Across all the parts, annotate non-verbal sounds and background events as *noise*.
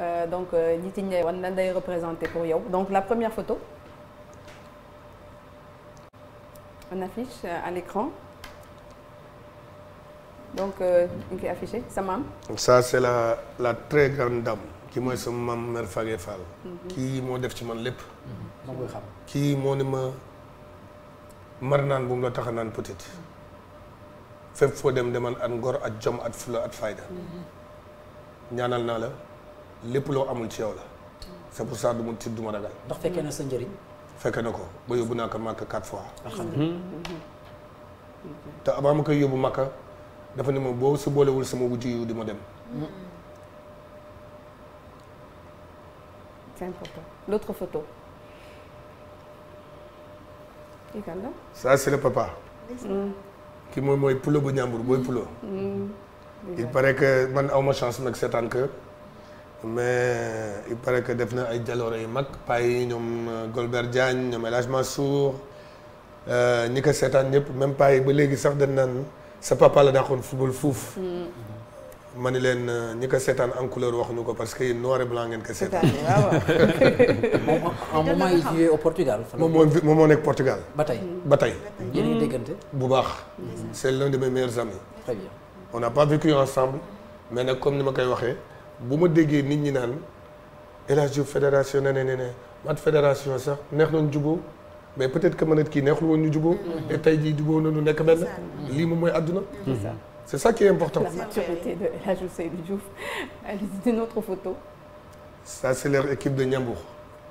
Euh, donc euh, nit yi ñu wan lan day représenter pour yow donc la première photo on affiche euh, à l'écran donc ñu la la très grande dame. ki mooy sama maam mère Fage Fall. Mhm. kii moo def ci man lépp. Mhm. moo koy xam kii moo ne ma mar naan bu mu la tax naan peut-être fépp foo dem demal at ngor at jom at fula at fayda. Mhm. ñaanal naa la. lépp loo amul ci yow la c'est pour ça du ma tiit du ma ragal. ndax fekkee na sa njëriñ. fekke na ko ba yóbbu naa ko Makka quatre fois. alhamdulilah. te avant ma koy yóbbu Makka dafa ne ma boo si boolewul sama wujj yu di ma dem. c'est important l'autre la. papa. Mm. ki moom mooy pulo bu ñàmbur booy pulo. Mm. Mm. il paraît que man awma chance nag seetaan que. mais il paraît que def na ay jaloore yu mag payi ñoom euh, Golbert Diagne ñoom El Hadj euh, ñi ko seetaan ñëpp même payi ba léegi sax dañ naan sa papa la dàqoon football fuuf. Mm. ma ni leen euh, ñi ko seetaan en couleur wax nu ko parce que yéen noir et blanc ngeen ko seetaan. waaw *laughs* moom ay moo moo nekk Portugal. ba tey mm. ba tey. yéen a déggante. Mm. bu baax. c' est l' un de meilleurs amis. très bien on n' pas vécu ensemble mais nag comme ni ma koy waxee. bu ma déggee nit ñi naan El Hadj Diouf fédération ne ne ne mat fédération sax neex nañ jubóo mais peut-être que man kii neexul woon ñu jubóo. te tey jii juboo nañu nekk benn. lii moom mooy àdduna. c'est ça qui est important. la c'est leur équipe de Ndiambour.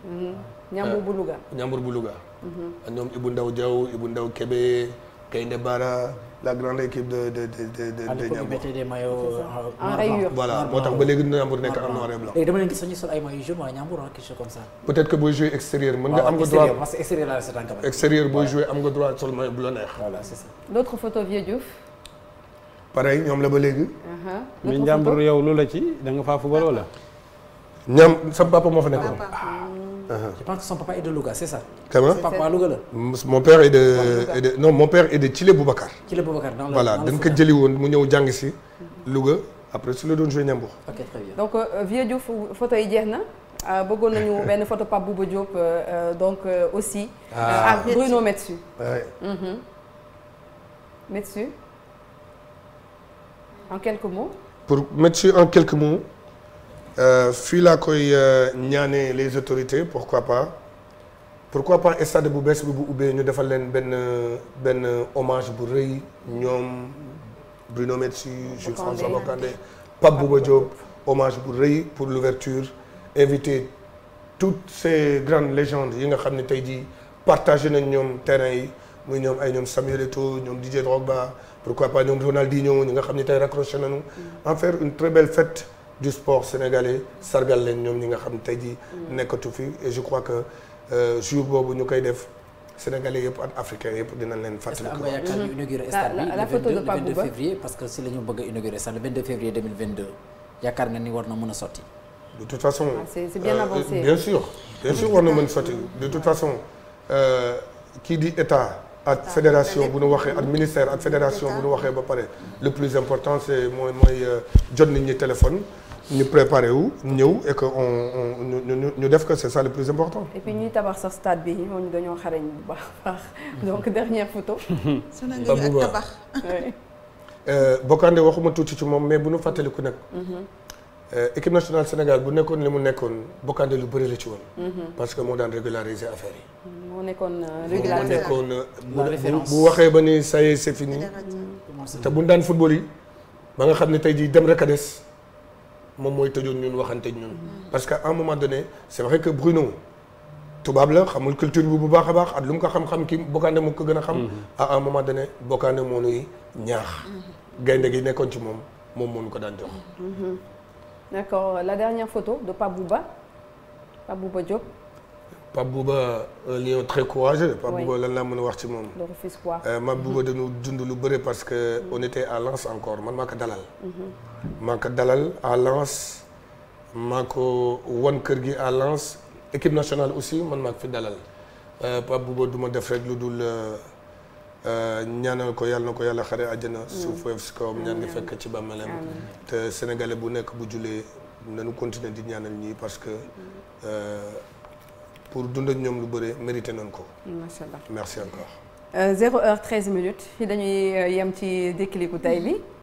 Hmm. Ndiambour bu Louga. Ndiambour bu Louga. Hmm. ñoom Ibou Ndaw Diaw Ibou Ndaw Kébé. Gaynde Bara la grande équipe de de de de de Ndiambour. en rayures voilà moo nekk en noir blanc. peut-être que booy jouer extérieur. mën nga am nga droit extérieur laa seetaan am nga droit sol maillot bu l'autre photo Vieux Diouf. pareil ñoom la ba léegi. Uh-huh. mais Ndiambour yow lu la ci da nga football wala. ñam sama papa moo fa nekkoon. je pense que papa est de Louga comment mon père est de, non mon père est de Thilé Boubacar. voilà dañ ko jëli woon mu ñëw jàng si Louga après su la doon joué Ndiambour. ok très bien donc euh, Vieux Diouf photo yi jeex na. Euh, bëggoon nañu *laughs* benn photo Pape Bouba Diop euh, donc aussi. Ah. Bruno mhm. Metsu. en quelques mots. pour Metsu en quelques mots. Euh, fii laa koy euh, ñaane les autorités pourquoi pas pourquoi pas stade bu bees bi bu ubbee ñu defal leen benn benn hommage bu rëy ñoom Bruno Metsu Jules François Bocandé Pape Bouba Diop hommage bu rëy pour l'ouverture invité toutes ces grandes légendes yi nga xam ne tey jii partagé nañ ñoom terrain yi muy ñoom ay ñoom Samuel Eto'o ñoom Didier Drogba pourquoi pas ñoom Ronaldinho ñi nga xam ne tey raccroché nañu mm. en faire une très belle fête du sport sénégalais sargal leen ñoom ñi nga xam tey jii mm. nekkatu fi et je crois que euh, jour boobu ñu koy def sénégalais yëpp ak africains yëpp dinañ leen fàttali ko. est-ce que am mm-hmm. nga parce que si la ñu bëgg a inaugurer stade le 22 février 2022 yaakaar nga ni war na mën a sotti. de toute façon ah, c'est bien euh, avancé bien sûr bien sûr war sotti de toute façon euh, kii di état. ak ah, fédération bu nu waxee ak ministère ak fédération bu ñu waxee ba pare le plus important c'est mooy mooy jot nit ñi téléphone. ñu préparer wu ñëw et ñu def ko c'est ça le plus important. ñuy tabax sax stade bi ñooñu dañoo xarañ bu baax baax *laughs* donc dernière photo. sunu nga ak tabax. Euh, Bokande waxuma tuuti ci moom mais bu nu fàttaliku nag. Mm-hmm. Euh, équipe nationale Sénégal bu nekkoon li mu nekkoon Bokande lu bëri la ci woon. Mm-hmm. parce que moo daan régulariser affaire moo nekkoon euh, nekkoon bu waxee ba ni sa y est fini. te bu ñu daan football yi ba nga xam ne tey jii dem rek a des. moom mooy tëjoon ñun waxante ñun. parce que en un moment donné c'est vrai que Bruno tubaab la xamul culture bi bu baax a baax at lu mu ko xam-xam ki bokkaande mu ko gën a xam. Mm-hmm. à un moment donné bokkaande moo nuy ñaax. Mm-hmm. gaynde gi nekkoon ci moom moom moo ko daan jox. Mm-hmm. d'accord la dernière photo de Pabouba Pabouba Diop. Pape Bouba un lion très courageux. Pape Bouba lan laa mën a wax ci moom. donc fii quoi. Pape euh, Bouba dañu dund lu bëri parce que mm-hmm. on était à Lens encore man maa ko dalal. Mm-hmm. maa ko dalal à Lens maa ko wan kër gi à Lens équipe nationale aussi man maa ko fi dalal euh, Pape Bouba du ma def rek lu dul euh, ñaanal ko yàlla na ko yàlla xare àjjana. Mm. suuf woyof ñaan nga fekk ci bàmmeelam. te sénégalais bu nekk bu jullee nañu continuer di ñaanal ñii parce que. Mm. pour dund ak ñoom lu bëre mérité nañ ko. macha allah merci encore. Euh, heure 13 minutes fii dañuy euh, yem ci déclicu tey bi.